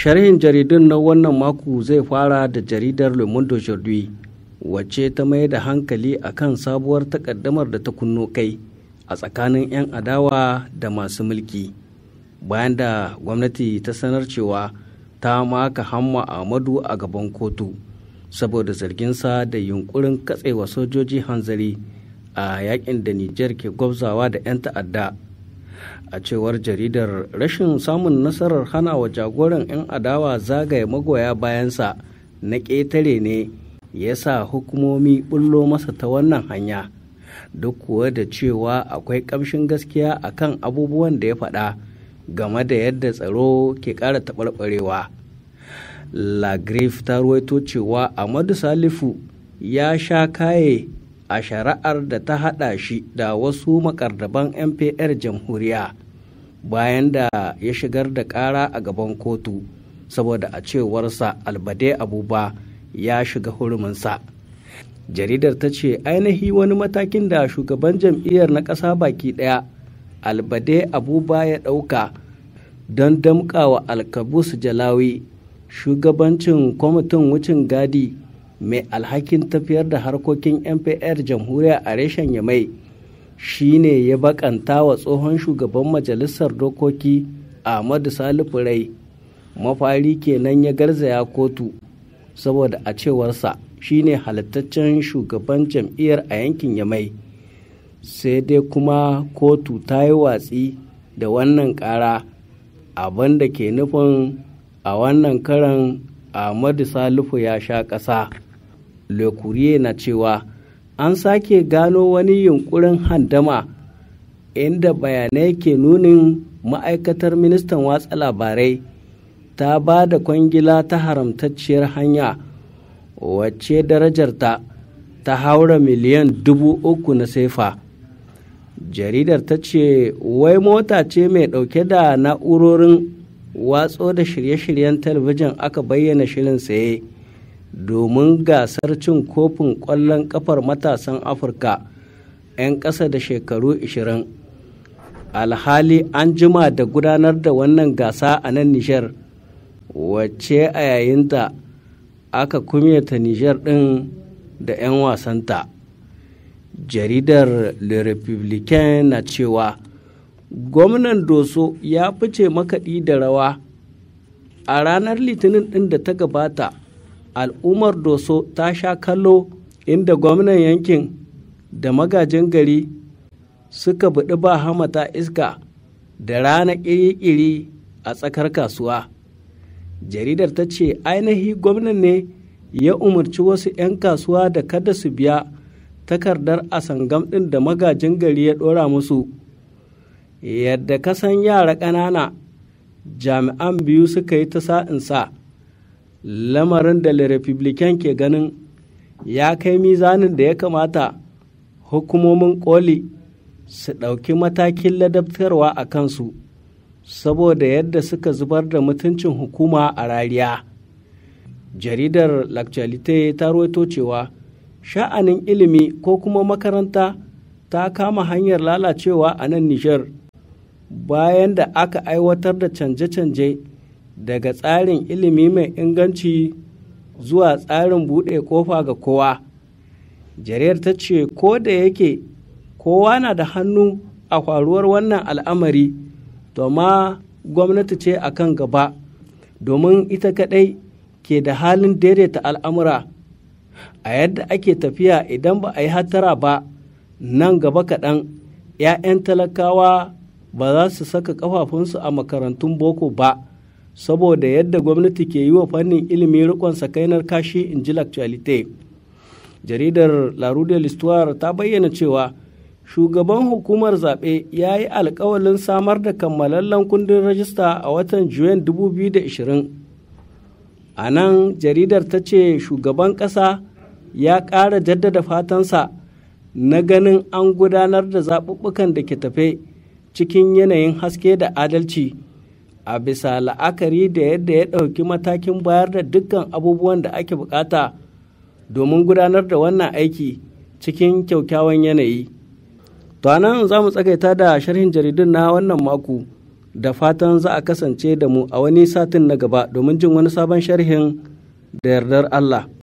sharhin jaridun na wannan mako zai fara da jaridar le monde aujourd'hui wacce ta mai da hankali akan sabuwar takaddamar da ta kunno kai a tsakanin 'yan adawa da masu mulki bayan da gwamnati ta sanar cewa ta maka hamma amadu a gaban kotu saboda zargin sa da yunkurin katsewa sojoji hanzari a yakin da nijar ke gwabzawa da 'yan ta'adda a cewar jaridar rashin samun nasarar hana wa jagoran 'yan adawa zagaye magoya bayansa na ƙetare ne ya sa hukumomi bullo masa ta wannan hanya duk kuwa da cewa akwai ƙamshin gaskiya a kan abubuwan da ya faɗa game da yadda tsaro ke ƙara taɓarɓarewa lagrif ta ruwaito cewa amadu salifu ya sha kaye a shari'ar da ta haɗa shi da wasu makardaban mpr jamhuriya bayan da ya shigar da ƙara a gaban kotu saboda a cewarsa albade abuba ya shiga huruminsa jaridar ta ce ainihi wani matakin da shugaban jam'iyyar na ƙasa baki ɗaya albade abuba ya ɗauka don damƙawa alkabus jalawi shugabancin kwamitin wucin gadi mai alhakin tafiyar da harkokin mpr jamhuriya a reshen yamai shi ne ya bakanta wa tsohon shugaban majalisar dokoki ahmadu salifu rai mafari kenan ya garzaya kotu saboda a cewarsa shine ne halittaccen shugaban jam'iyyar a yankin yamai sai dai kuma kotu ta yi watsi da wannan kara abin da ke nufin a wannan karan ahmadu salifu ya sha ƙasa le na cewa an sake gano wani yunkurin handama inda bayanai ke nunin ma'aikatar ministan watsa labarai ta ba da kwangila ta haramtacciyar hanya wacce darajarta ta haura miliyan dubu uku na sefa jaridar ta ce wai mota ce mai ɗauke da na'urorin watso da shirye-shiryen talabijin aka bayyana shirin saye domin gasar cin kofin ƙwallon ƙafar matasan afirka 'yan ƙasa da shekaru 20 alhali an jima da gudanar da wannan gasa a nan nijar wacce a yayinta aka kumyata nijar ɗin da 'yan wasanta jaridar le republican na cewa gwamnan doso ya fice makaɗi da rawa a ranar litinin ɗin da ta gabata al'ummar doso ta sha kallo inda gwamnan yankin da magajin gari suka buɗi ba hamata iska da rana ƙiri-ƙiri a tsakar kasuwa jaridar ta ce ainihi gwamnan ne ya umarci wasu 'yan kasuwa da kada su biya takardar a sangam ɗin da magajin gari ya ɗora musu yadda kasan yara ƙanana jami'an biyu suka yi ta sa'insa lamarin da le republican ke ganin ya kai mizanin da ya kamata hukumomin koli su ɗauki matakin ladabtarwa a kansu saboda yadda suka zubar da mutuncin hukuma a rariya jaridar lakcalite ta rawaito cewa sha'anin ilimi ko kuma makaranta ta kama hanyar lalacewa a nan nijar bayan da aka aiwatar da canje-canje daga tsarin ilimi mai inganci zuwa tsarin buɗe kofa ga kowa jariyar ta ce ko da yake kowa na da hannu a faruwar wannan al'amari to ma gwamnati ce a kan gaba domin ita kaɗai ke da halin daidaita al'amura a yadda ake tafiya idan ba a yi hatara ba nan gaba kaɗan 'ya'yan talakawa ba za su saka ƙafafunsu a makarantun boko ba saboda yadda gwamnati ke yi wa fannin ilimi rikon sakainar kashi in ji l'actualite jaridar larude listuwar ta bayyana cewa shugaban hukumar zaɓe ya yi alkawalin samar da kammalallen kundin rajista a watan juyen 2020 a nan jaridar ta ce shugaban ƙasa ya ƙara jaddada fatansa na ganin an gudanar da zaɓuɓɓukan da ke tafe cikin yanayin haske da adalci a bisa la'akari da yadda ya ɗauki matakin bayar da dukkan abubuwan da ake bukata domin gudanar da wannan aiki cikin kyaukyawan yanayi. To nan za mu tsagaita da sharhin jaridun na wannan mako da fatan za a kasance da mu a wani satin na gaba domin jin wani sabon sharhin da yardar Allah.